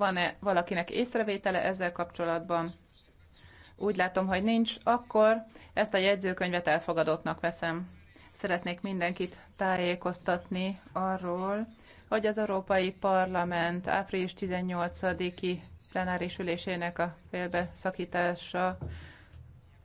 Van-e valakinek észrevétele ezzel kapcsolatban? Úgy látom, hogy nincs. Akkor ezt a jegyzőkönyvet elfogadottnak veszem. Szeretnék mindenkit tájékoztatni arról, hogy az Európai Parlament április 18-i plenáris ülésének a félbeszakítása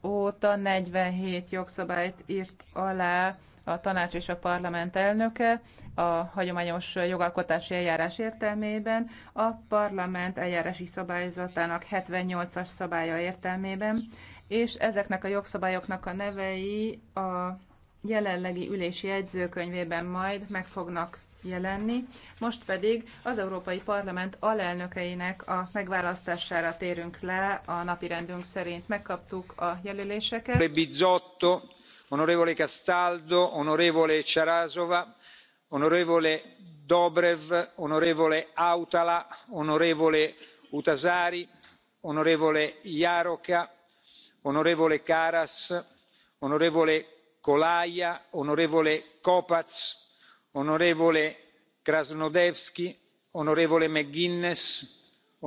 óta 47 jogszabályt írt alá a tanács és a parlament elnöke a hagyományos jogalkotási eljárás értelmében, a parlament eljárási szabályzatának 78-as szabálya értelmében, és ezeknek a jogszabályoknak a nevei a jelenlegi ülési jegyzőkönyvében majd meg fognak jelenni. Most pedig az Európai Parlament alelnökeinek a megválasztására térünk le a napirendünk szerint. Megkaptuk a jelöléseket. Bizotto, onorevole castaldo onorevole čarázová onorevole dobrev onorevole hautala onorevole huhtasaari onorevole jrka onorevole karas onorevole kolaja onorevole kopacz onorevole krasnodbski onorevole mcguinness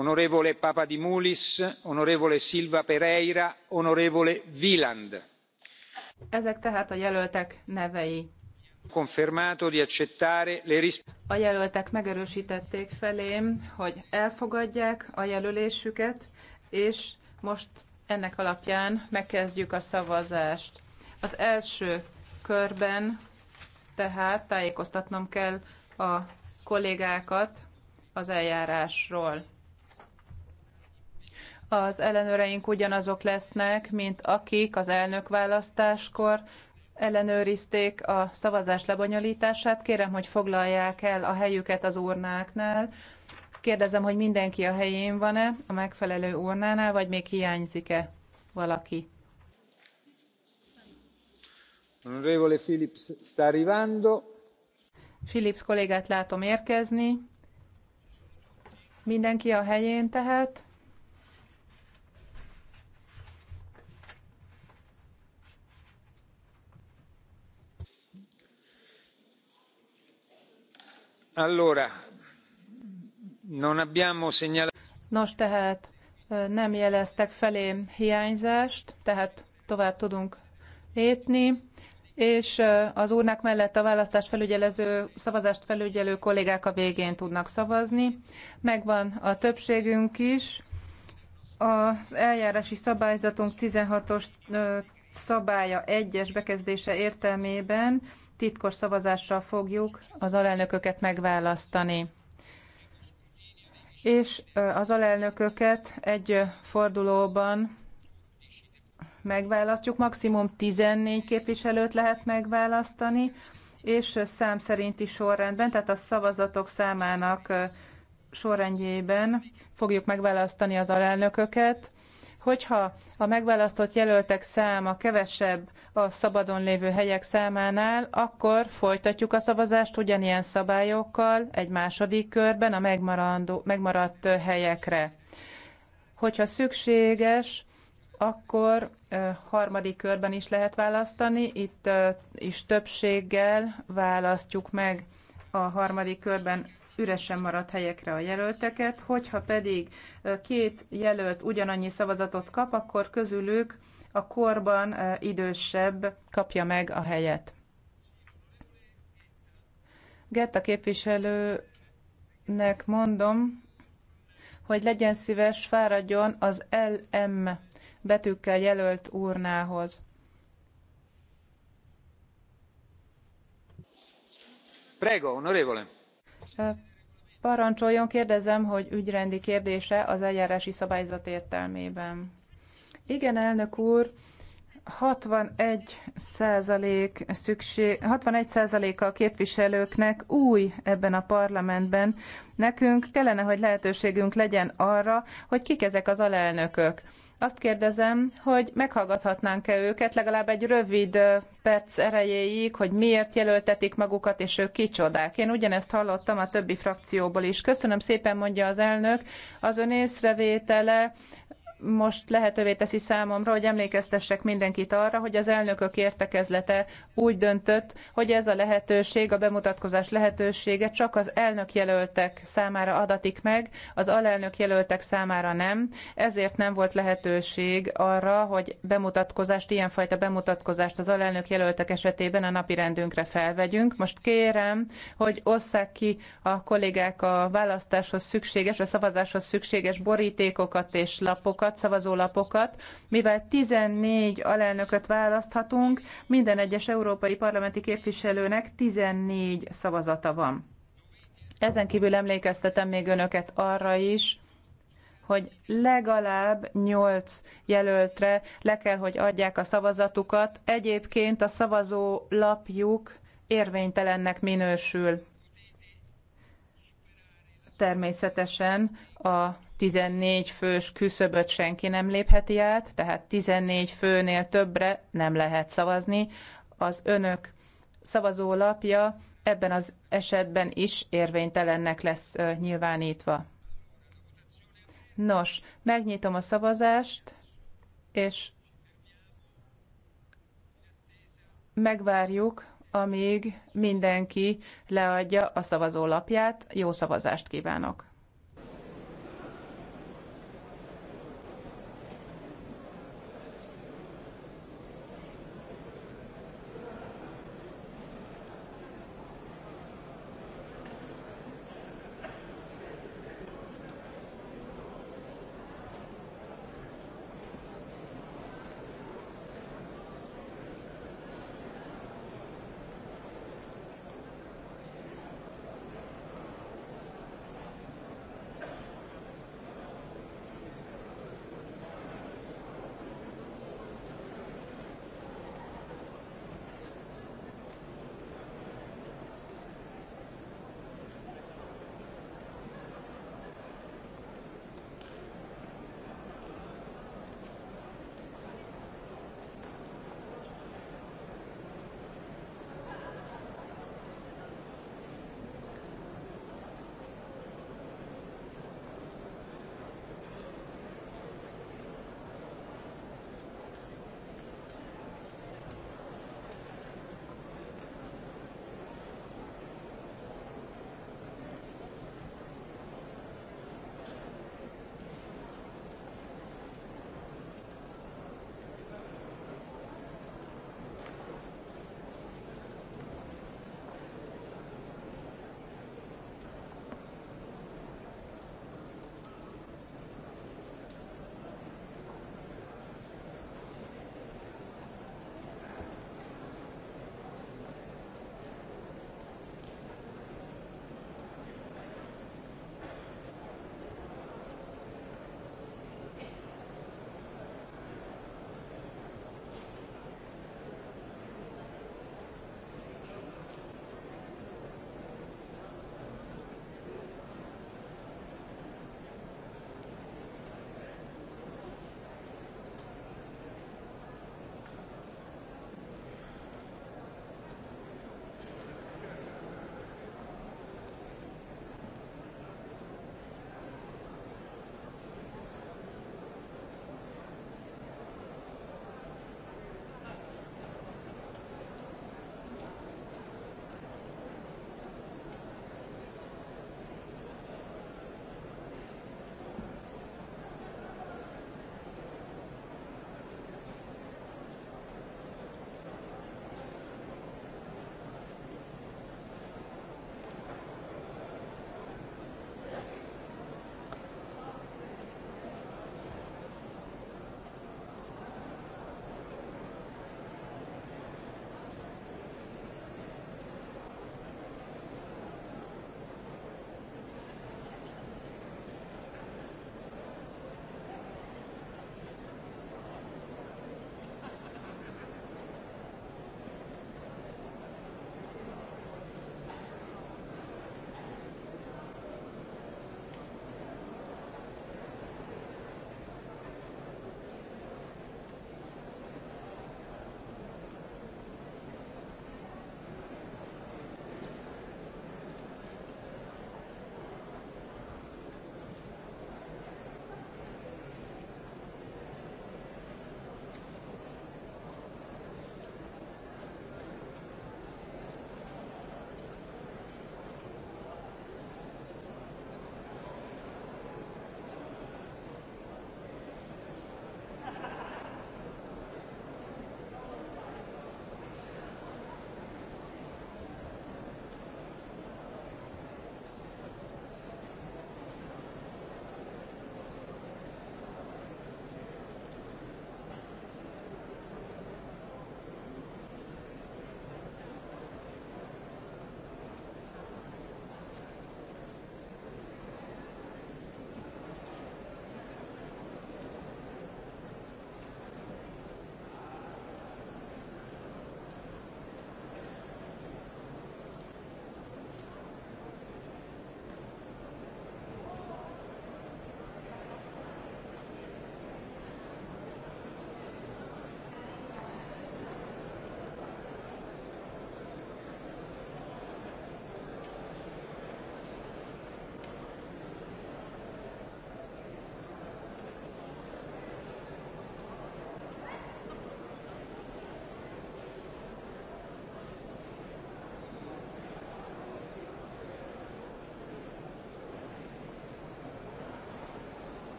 onorevole papadimoulis onorevole silva pereira onorevole wieland. Ezek tehát a jelöltek nevei. Confermato di accettare le a jelöltek megerősítették felém, hogy elfogadják a jelölésüket, és most ennek alapján megkezdjük a szavazást. Az első körben tehát tájékoztatnom kell a kollégákat az eljárásról az ellenőreink ugyanazok lesznek, mint akik az elnök választáskor ellenőrizték a szavazás lebonyolítását. Kérem, hogy foglalják el a helyüket az urnáknál. Kérdezem, hogy mindenki a helyén van-e a megfelelő urnánál, vagy még hiányzik-e valaki? Onorevole Philips sta arrivando. Philips kollégát látom érkezni. Mindenki a helyén tehát. Nos, tehát nem jeleztek felém hiányzást, tehát tovább tudunk lépni, és az urnák mellett a választást felügyelő szavazást felügyelő kollégák a végén tudnak szavazni. Megvan a többségünk is. Az eljárási szabályzatunk 16-os szabálya 1-es bekezdése értelmében titkos szavazással fogjuk az alelnököket megválasztani. És az alelnököket egy fordulóban megválasztjuk, maximum 14 képviselőt lehet megválasztani, és szám szerinti sorrendben, tehát a szavazatok számának sorrendjében fogjuk megválasztani az alelnököket. Hogyha a megválasztott jelöltek száma kevesebb a szabadon lévő helyek számánál, akkor folytatjuk a szavazást ugyanilyen szabályokkal egy második körben a megmaradt helyekre. Hogyha szükséges, akkor harmadik körben is lehet választani, itt is többséggel választjuk meg a harmadik körben üresen maradt helyekre a jelölteket, hogyha pedig két jelölt ugyanannyi szavazatot kap, akkor közülük a korban idősebb kapja meg a helyet. Getta képviselőnek mondom, hogy legyen szíves, fáradjon az LM betűkkel jelölt urnához. Prego, onorevole. Parancsoljon, kérdezem, hogy ügyrendi kérdése az eljárási szabályzat értelmében. Igen, elnök úr, 61 százalék 61 százaléka a képviselőknek új ebben a parlamentben. Nekünk kellene, hogy lehetőségünk legyen arra, hogy kik ezek az alelnökök azt kérdezem, hogy meghallgathatnánk-e őket legalább egy rövid perc erejéig, hogy miért jelöltetik magukat, és ők kicsodák. Én ugyanezt hallottam a többi frakcióból is. Köszönöm szépen, mondja az elnök. Az ön észrevétele most lehetővé teszi számomra, hogy emlékeztessek mindenkit arra, hogy az elnökök értekezlete úgy döntött, hogy ez a lehetőség, a bemutatkozás lehetősége csak az elnök jelöltek számára adatik meg, az alelnök jelöltek számára nem, ezért nem volt lehetőség arra, hogy bemutatkozást, ilyenfajta bemutatkozást az alelnök jelöltek esetében a napi rendünkre felvegyünk. Most kérem, hogy osszák ki a kollégák a választáshoz szükséges, a szavazáshoz szükséges borítékokat és lapokat, lapokat, szavazólapokat, mivel 14 alelnököt választhatunk, minden egyes európai parlamenti képviselőnek 14 szavazata van. Ezen kívül emlékeztetem még önöket arra is, hogy legalább 8 jelöltre le kell, hogy adják a szavazatukat, egyébként a szavazólapjuk érvénytelennek minősül természetesen a 14 fős küszöböt senki nem lépheti át, tehát 14 főnél többre nem lehet szavazni. Az önök szavazólapja ebben az esetben is érvénytelennek lesz nyilvánítva. Nos, megnyitom a szavazást, és megvárjuk amíg mindenki leadja a szavazólapját. Jó szavazást kívánok!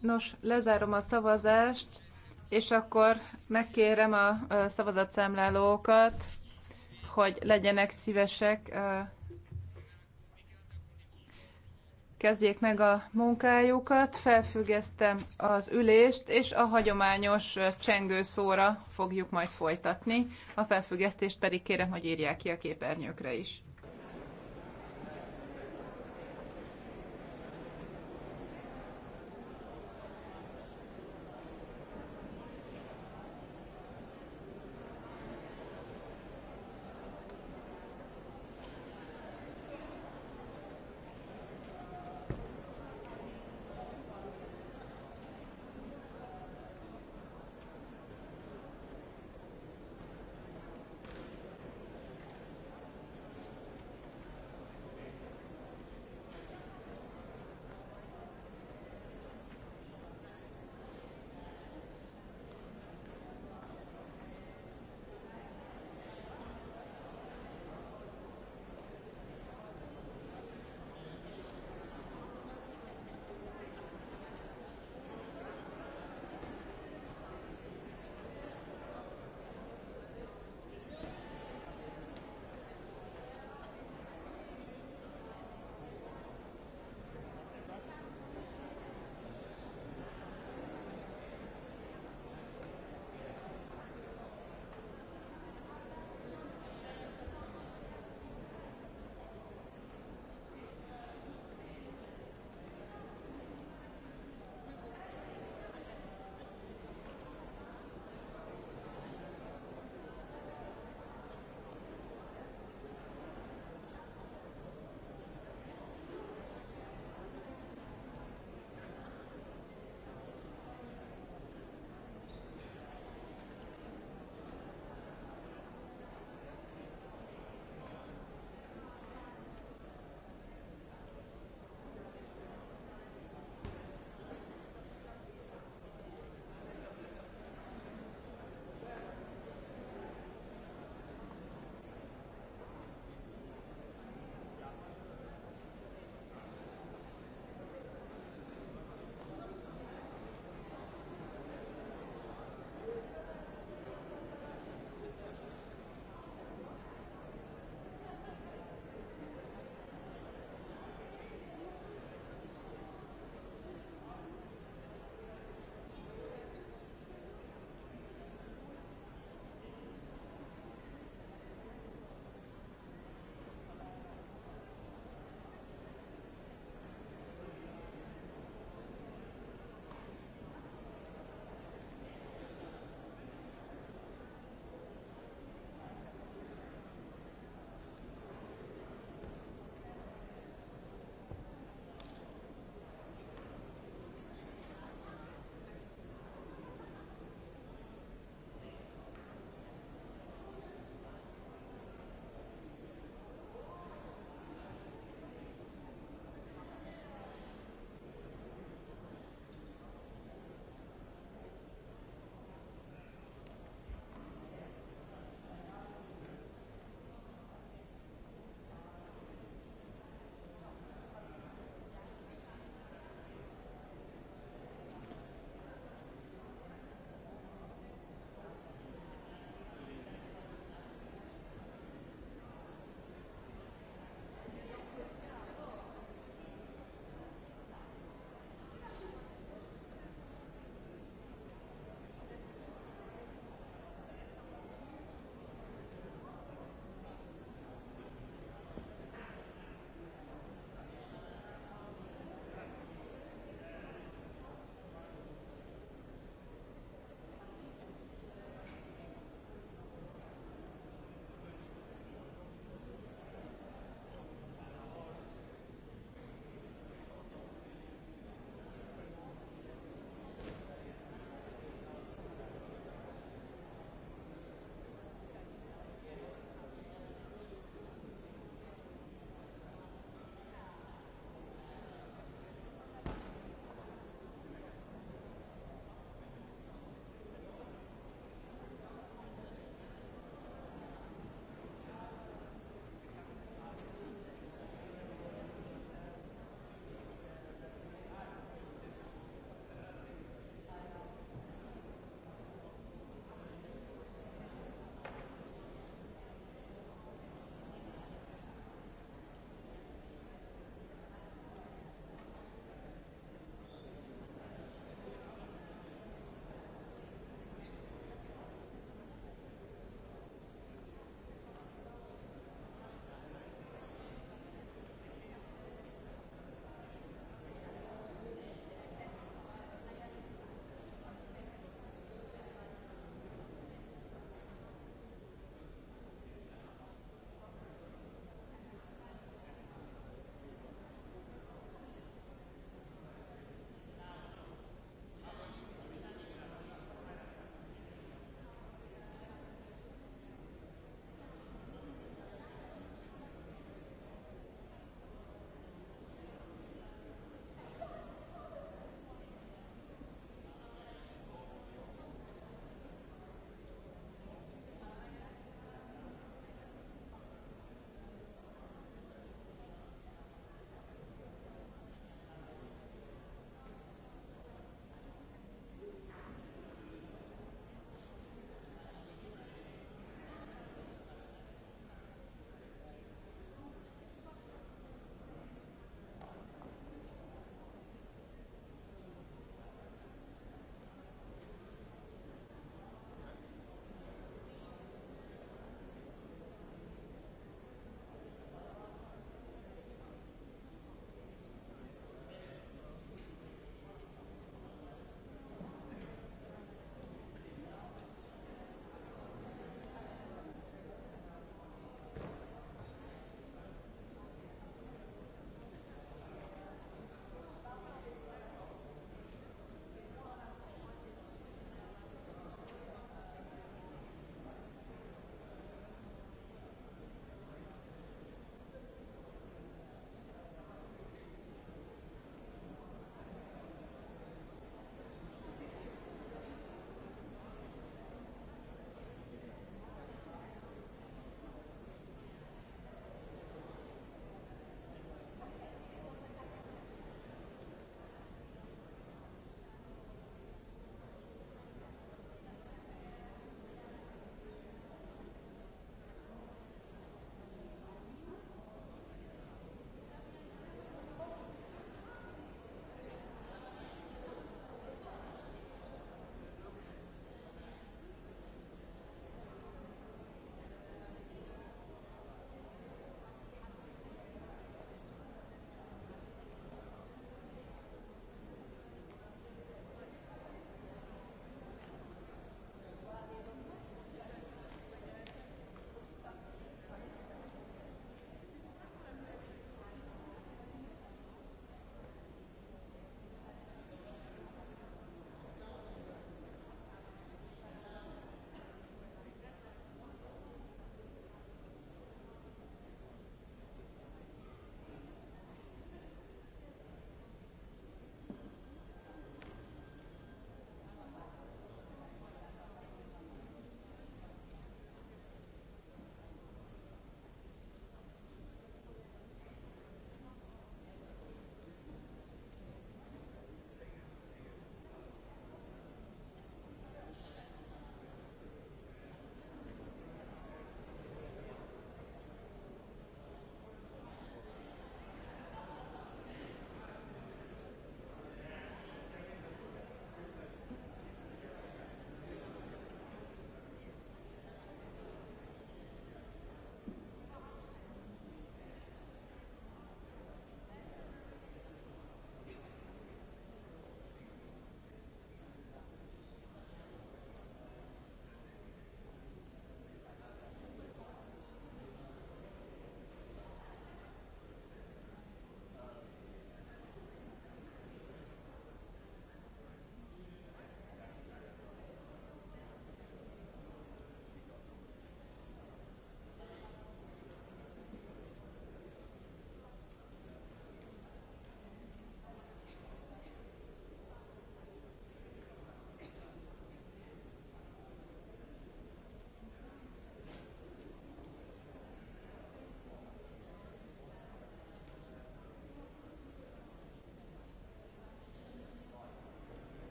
Nos, lezárom a szavazást, és akkor megkérem a szavazatszámlálókat, hogy legyenek szívesek, kezdjék meg a munkájukat, felfüggesztem az ülést, és a hagyományos csengőszóra fogjuk majd folytatni. A felfüggesztést pedig kérem, hogy írják ki a képernyőkre is.